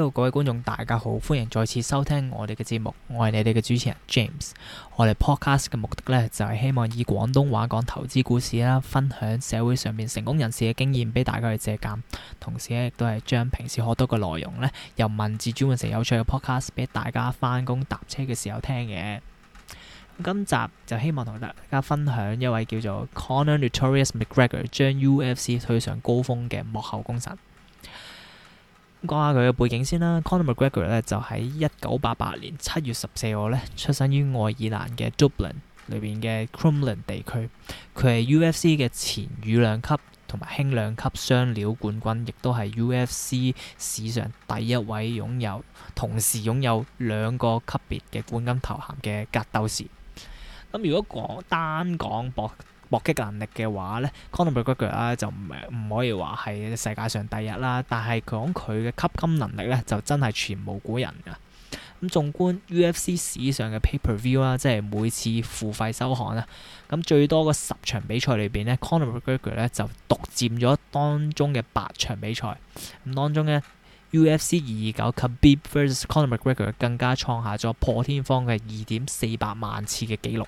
呢，各位觀眾，大家好，歡迎再次收聽我哋嘅節目，我係你哋嘅主持人 James。我哋 podcast 嘅目的呢，就係希望以廣東話講投資故事啦，分享社會上面成功人士嘅經驗俾大家去借鑑，同時呢，亦都係將平時學到嘅內容呢，由文字轉換成有趣嘅 podcast 俾大家翻工搭車嘅時候聽嘅。今集就希望同大家分享一位叫做 Conor Notorious McGregor 將 UFC 推上高峰嘅幕後功臣。講下佢嘅背景先啦。Conor McGregor 咧就喺一九八八年七月十四號咧出生於愛爾蘭嘅 Dublin 裏邊嘅 Crumlin 地區。佢係 UFC 嘅前羽量級同埋輕量級雙料冠軍，亦都係 UFC 史上第一位擁有同時擁有兩個級別嘅冠軍頭銜嘅格鬥士。咁、嗯、如果講單講搏搏擊能力嘅話咧，Conor McGregor 啦就唔唔可以話係世界上第一啦，但係講佢嘅吸金能力咧，就真係全無古人㗎。咁縱觀 UFC 史上嘅 Pay Per View 啦，即係每次付費收看啦，咁最多個十場比賽裏邊咧，Conor McGregor 咧就獨佔咗當中嘅八場比賽。咁當中咧，UFC 二二九 Khabib vs Conor McGregor 更加創下咗破天荒嘅二點四百萬次嘅紀錄。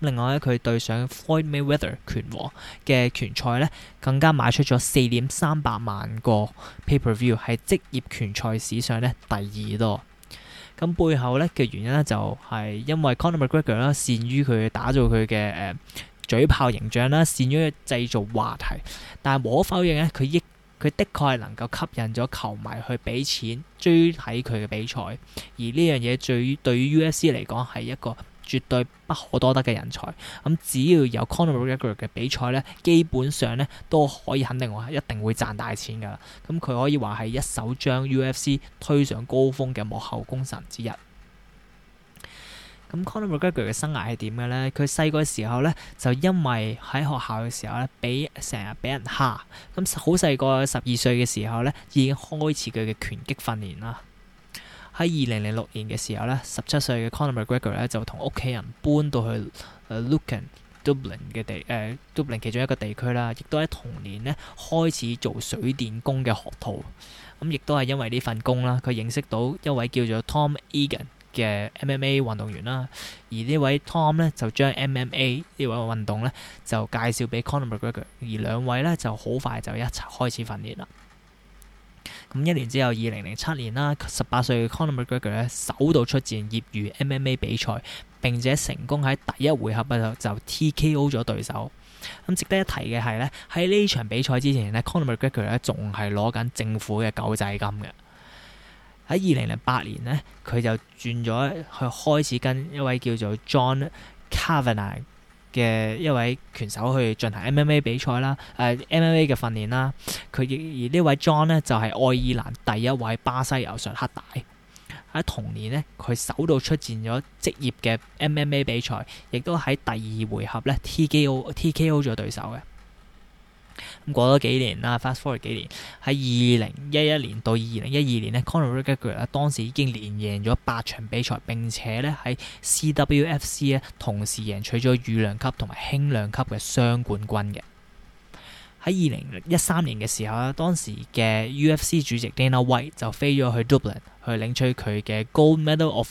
另外咧，佢對上 Floyd Mayweather 拳王嘅拳賽咧，更加賣出咗四點三百萬個 Pay Per View，係職業拳賽史上咧第二多。咁背後咧嘅原因咧，就係、是、因為 Conor McGregor 啦，善於佢打造佢嘅誒嘴炮形象啦，善於製造話題。但係無可否認咧，佢亦佢的確係能夠吸引咗球迷去俾錢追睇佢嘅比賽。而呢樣嘢最對於 UFC 嚟講係一個。絕對不可多得嘅人才，咁只要有 Conor McGregor 嘅比賽咧，基本上咧都可以肯定我係一定會賺大錢噶啦。咁佢可以話係一手將 UFC 推上高峰嘅幕後功臣之一。咁 Conor McGregor 嘅生涯係點嘅咧？佢細個時候咧就因為喺學校嘅時候咧，俾成日俾人蝦。咁好細個十二歲嘅時候咧，已經開始佢嘅拳擊訓練啦。喺二零零六年嘅時候咧，十七歲嘅 Conor McGregor 咧就同屋企人搬到去 Lucan Dublin 嘅地，誒、呃、Dublin 其中一個地區啦，亦都喺同年咧開始做水電工嘅學徒，咁、嗯、亦都係因為呢份工啦，佢認識到一位叫做 Tom Egan 嘅 MMA 運動員啦，而呢位 Tom 咧就將 MMA 呢位運動咧就介紹俾 Conor McGregor，而兩位咧就好快就一齊開始訓練啦。咁一年之後，二零零七年啦，十八歲嘅 Conor McGregor 咧首度出戰業餘 MMA 比賽，並且成功喺第一回合啊就，就 TKO 咗對手。咁值得一提嘅係咧，喺呢場比賽之前咧，Conor McGregor 咧仲係攞緊政府嘅狗仔金嘅。喺二零零八年呢，佢就轉咗去開始跟一位叫做 John Kavanagh 嘅一位拳手去進行 MMA 比賽啦，誒 MMA 嘅訓練啦，佢亦而呢位 John 咧就係、是、愛爾蘭第一位巴西柔術黑帶，喺同年咧，佢首度出戰咗職業嘅 MMA 比賽，亦都喺第二回合咧 TKO TKO 咗對手嘅。咁過咗幾年啦，fast forward 幾年，喺二零一一年到二零一二年呢 Conor McGregor 咧當時已經連贏咗八場比賽，並且咧喺 CWFC 咧同時贏取咗羽量級同埋輕量級嘅雙冠軍嘅。喺二零一三年嘅時候啦，當時嘅 UFC 主席 Dana White 就飛咗去 Dublin 去領取佢嘅 Gold Medal of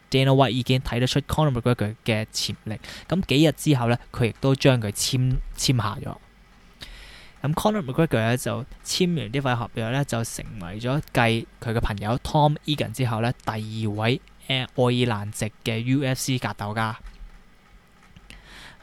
Dana White 已經睇得出 Conor McGregor 嘅潛力，咁幾日之後咧，佢亦都將佢簽簽下咗。咁 Conor McGregor 咧就簽完呢份合約咧，就成為咗繼佢嘅朋友 Tom Egan 之後咧第二位誒、呃、愛爾蘭籍嘅 UFC 格鬥家。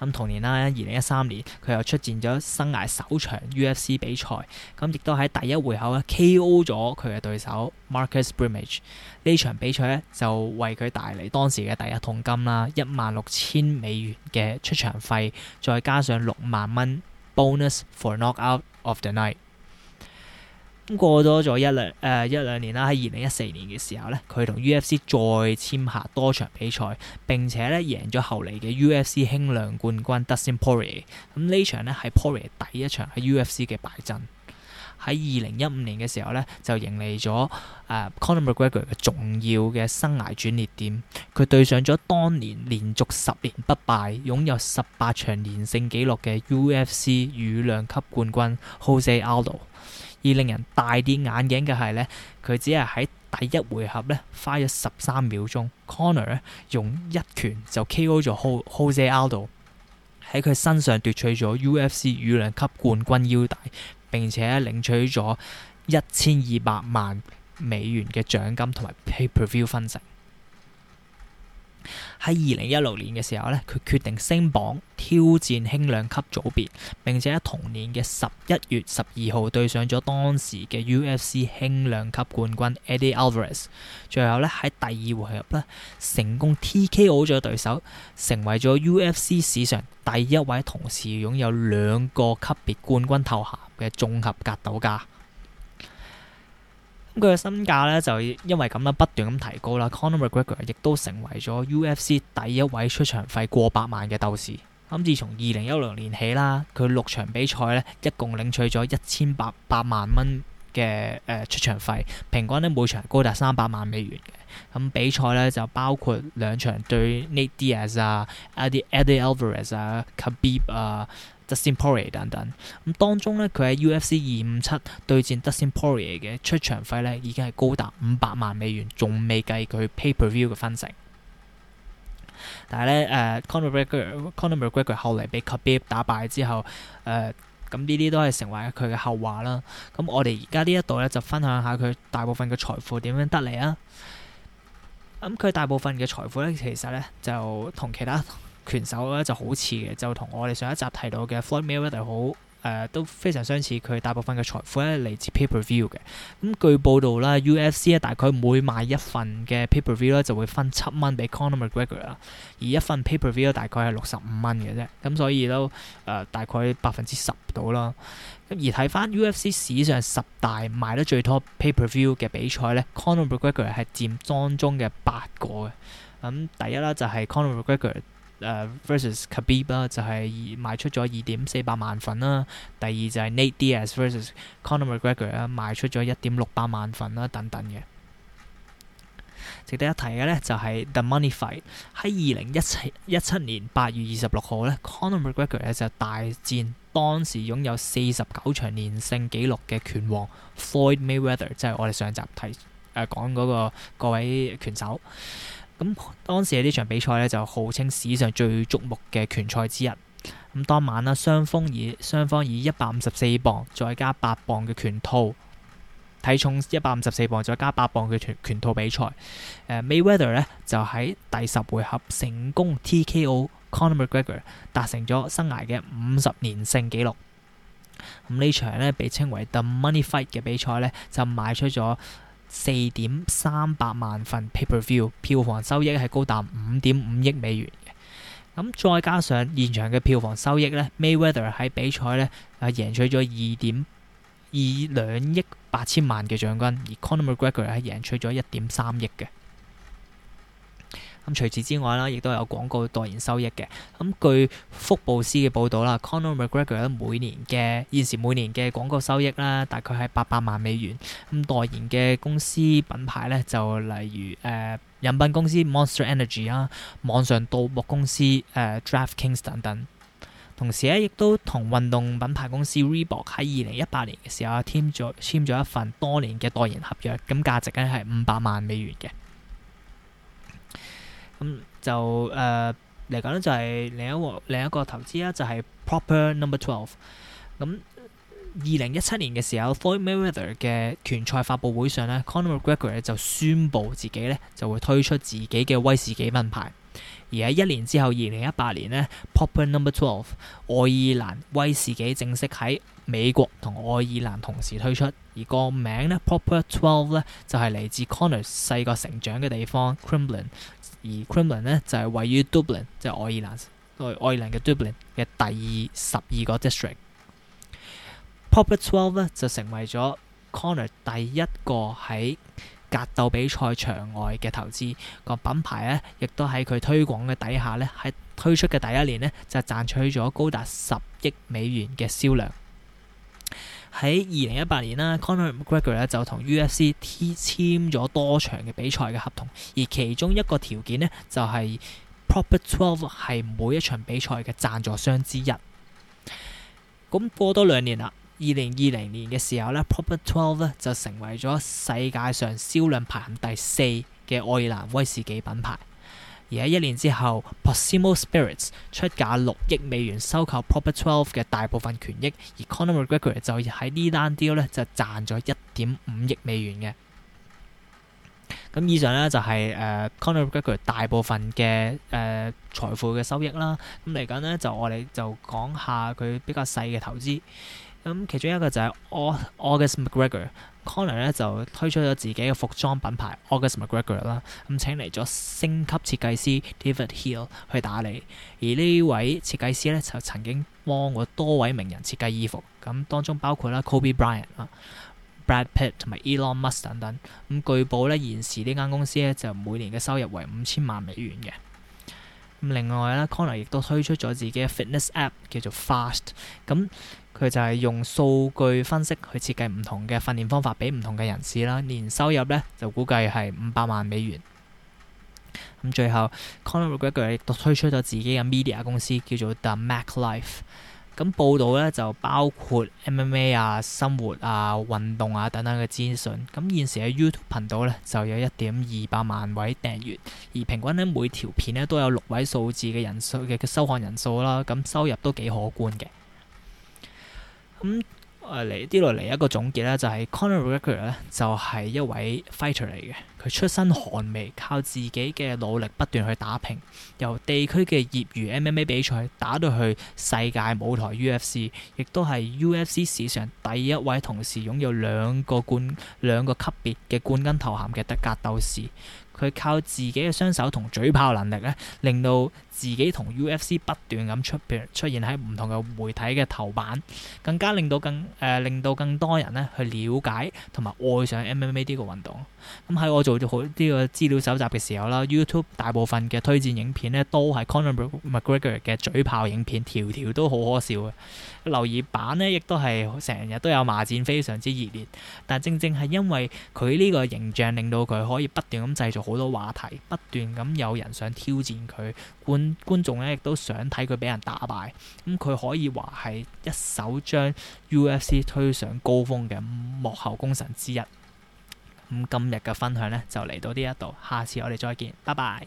咁同年啦，二零一三年佢又出戰咗生涯首場 UFC 比賽，咁亦都喺第一回合咧 KO 咗佢嘅對手 Marcus Brimage。呢場比賽咧就為佢帶嚟當時嘅第一桶金啦，一萬六千美元嘅出場費，再加上六萬蚊 bonus for knockout of the night。咁過咗一兩誒、呃、一兩年啦，喺二零一四年嘅時候咧，佢同 UFC 再簽下多場比賽，並且咧贏咗後嚟嘅 UFC 輕量冠軍 Dustin Poirier。咁、嗯、呢場咧係 Poirier 第一場喺 UFC 嘅敗陣。喺二零一五年嘅時候咧，就迎嚟咗誒、呃、Conor McGregor 嘅重要嘅生涯轉捩點，佢對上咗當年連續十年不敗、擁有十八場連勝紀錄嘅 UFC 羽量級冠軍 Jose Aldo。而令人大跌眼鏡嘅係咧，佢只係喺第一回合咧花咗十三秒鐘 Conor 用一拳就 KO 咗 Jose Aldo，喺佢身上奪取咗 UFC 羽量級冠軍腰帶，並且領取咗一千二百萬美元嘅獎金同埋 Pay Per View 分成。喺二零一六年嘅時候咧，佢決定升榜挑戰輕量級組別，並且喺同年嘅十一月十二號對上咗當時嘅 UFC 輕量級冠軍 Eddie Alvarez。最後咧喺第二回合咧成功 TKO 咗對手，成為咗 UFC 史上第一位同時擁有兩個級別冠軍頭銜嘅綜合格鬥家。佢嘅身價咧就因為咁樣啦，不斷咁提高啦。Conor McGregor 亦都成為咗 UFC 第一位出場費過百萬嘅鬥士。咁、嗯、自從二零一六年起啦，佢六場比賽咧，一共領取咗一千八百萬蚊嘅誒出場費，平均咧每場高達三百萬美元嘅。咁、嗯、比賽咧就包括兩場對 Nate Diaz 啊、阿啲 Eddie Alvarez 啊、Khabib 啊、Dustin Poirier 等等。咁、嗯、當中咧，佢喺 UFC 二五七對戰 Dustin Poirier 嘅出場費咧已經係高達五百萬美元，仲未計佢 Pay Per View 嘅分成。但係咧，誒、呃、Conor McGregor 後嚟俾 Khabib 打敗之後，誒咁呢啲都係成為佢嘅後話啦。咁、嗯、我哋而家呢一度咧就分享下佢大部分嘅財富點樣得嚟啊！咁佢、嗯、大部分嘅財富咧，其實咧就同其他拳手咧就好似嘅，就同我哋上一集提到嘅 Floyd Mayweather 一樣好。誒、呃、都非常相似，佢大部分嘅財富咧嚟自 paper view 嘅。咁據報道啦呢，UFC 咧大概每賣一份嘅 paper view 咧就會分七蚊俾 Conor McGregor 啦，而一份 paper view 大概係六十五蚊嘅啫。咁所以都誒、呃、大概百分之十到啦。咁而睇翻 UFC 史上十大賣得最多 paper view 嘅比賽咧、嗯、Conor McGregor 係佔當中嘅八個嘅。咁、嗯、第一啦就係、是、Conor McGregor。誒 versus Khabib 啦，就係賣出咗二點四百萬份啦；第二就係 Nate Diaz versus Conor McGregor 啦，賣出咗一點六百萬份啦，等等嘅。值得一提嘅咧，就係 The Money Fight 喺二零一七一七年八月二十六號咧，Conor McGregor 咧就大戰當時擁有四十九場連勝紀錄嘅拳王 Floyd Mayweather，即係我哋上集提誒、呃、講嗰個各位拳手。咁當時呢場比賽咧，就號稱史上最矚目嘅拳賽之一。咁當晚啦，雙方以雙方以一百五十四磅再加八磅嘅拳套，體重一百五十四磅再加八磅嘅拳拳套比賽。誒、呃，Mayweather 咧就喺第十回合成功 TKO Conor McGregor，達成咗生涯嘅五十年勝紀錄。咁、嗯，呢場咧，被稱為 The Money Fight 嘅比賽咧，就賣出咗四點三百萬份 pay-per-view 票房，收益係高達五點五億美元，咁再加上現場嘅票房收益咧，Mayweather 喺比賽咧啊贏取咗二點二兩億八千萬嘅獎金，而 Conor McGregor 係贏取咗一點三億嘅。咁除此之外啦，亦都有廣告代言收益嘅。咁據福布斯嘅報導啦，Conor McGregor 咧每年嘅現時每年嘅廣告收益啦，大概係八百萬美元。咁代言嘅公司品牌咧，就例如誒、呃、飲品公司 Monster Energy 啊、網上賭博公司誒、呃、DraftKings 等等。同時咧，亦都同運動品牌公司 Reebok 喺二零一八年嘅時候啊簽咗簽咗一份多年嘅代言合約，咁價值咧係五百萬美元嘅。咁就誒嚟講咧，就係、呃、另一個另一個投資啦、啊，就係、是、Proper Number Twelve。咁二零一七年嘅時候，Floyd Mayweather 嘅拳賽發布會上咧，Conor McGregor 咧就宣布自己咧就會推出自己嘅威士忌品牌。而喺一年之後，二零一八年咧，Proper Number Twelve 愛爾蘭威士忌正式喺美國同愛爾蘭同時推出。而個名咧 Proper Twelve 咧就係、是、嚟自 Conor 細個成長嘅地方 Crimlin。Cr 而 Crimlin 咧就係、是、位於 Dublin，即係愛爾蘭愛愛、就是、爾蘭嘅 Dublin 嘅第二十二個 district。Proper Twelve 咧就成為咗 Conor 第一個喺格鬥比賽場外嘅投資，那個品牌咧，亦都喺佢推廣嘅底下咧，喺推出嘅第一年咧就賺取咗高達十億美元嘅銷量。喺二零一八年啦，Conor McGregor 咧就同 UFC 簽簽咗多場嘅比賽嘅合同，而其中一個條件呢，就係、是、Proper Twelve 係每一場比賽嘅贊助商之一。咁過多兩年啦，二零二零年嘅時候呢，Proper Twelve 咧就成為咗世界上銷量排行第四嘅愛爾蘭威士忌品牌。而喺一年之後，Posimo Spirits 出價六億美元收購 Proper Twelve 嘅大部分權益，而 Conor McGregor 就喺呢單 deal 咧就賺咗一點五億美元嘅。咁以上咧就係、是、誒、呃、Conor McGregor 大部分嘅誒財富嘅收益啦。咁嚟緊咧就我哋就講下佢比較細嘅投資。咁其中一個就係 August McGregor，Conor 咧就推出咗自己嘅服裝品牌 August McGregor 啦。咁、嗯、請嚟咗星級設計師 David Hill 去打理，而位設計呢位設計師咧就曾經幫過多位名人設計衣服，咁、嗯、當中包括啦 Kobe Bryant 啊、Brad Pitt 同埋 Elon Musk 等等。咁、嗯、據報咧現時呢間公司咧就每年嘅收入為五千萬美元嘅。咁、嗯、另外咧，Conor 亦都推出咗自己嘅 fitness app 叫做 Fast 咁、嗯。佢就係用數據分析去設計唔同嘅訓練方法，俾唔同嘅人士啦。年收入咧就估計係五百萬美元。咁最後，Conor McGregor 亦都推出咗自己嘅 media 公司，叫做 The Mac Life。咁報道咧就包括 MMA 啊、生活啊、運動啊等等嘅資訊。咁現時喺 YouTube 頻道咧就有一點二百萬位訂閱，而平均咧每條片咧都有六位數字嘅人數嘅收看人數啦。咁收入都幾可觀嘅。咁嚟呢度嚟一個總結咧，就係 Conor McGregor 咧，就係一位 fighter 嚟嘅。佢出身寒微，靠自己嘅努力不斷去打拼，由地區嘅業餘 MMA 比賽打到去世界舞台 UFC，亦都係 UFC 史上第一位同時擁有兩個冠兩個級別嘅冠軍頭銜嘅德格鬥士。佢靠自己嘅雙手同嘴炮能力咧，令到自己同 UFC 不斷咁出出現喺唔同嘅媒體嘅頭版，更加令到更誒、呃、令到更多人咧去了解同埋愛上 MMA 呢個運動。咁、嗯、喺我做咗好呢個資料搜集嘅時候啦，YouTube 大部分嘅推薦影片咧都係 Conor McGregor 嘅嘴炮影片，條條都好可笑嘅。留言板咧亦都係成日都有罵戰，非常之熱烈。但係正正係因為佢呢個形象，令到佢可以不斷咁製造。好多話題，不斷咁有人想挑戰佢，觀觀眾咧亦都想睇佢俾人打敗，咁、嗯、佢可以話係一手將 UFC 推上高峰嘅幕後功臣之一。咁、嗯、今日嘅分享咧就嚟到呢一度，下次我哋再見，拜拜。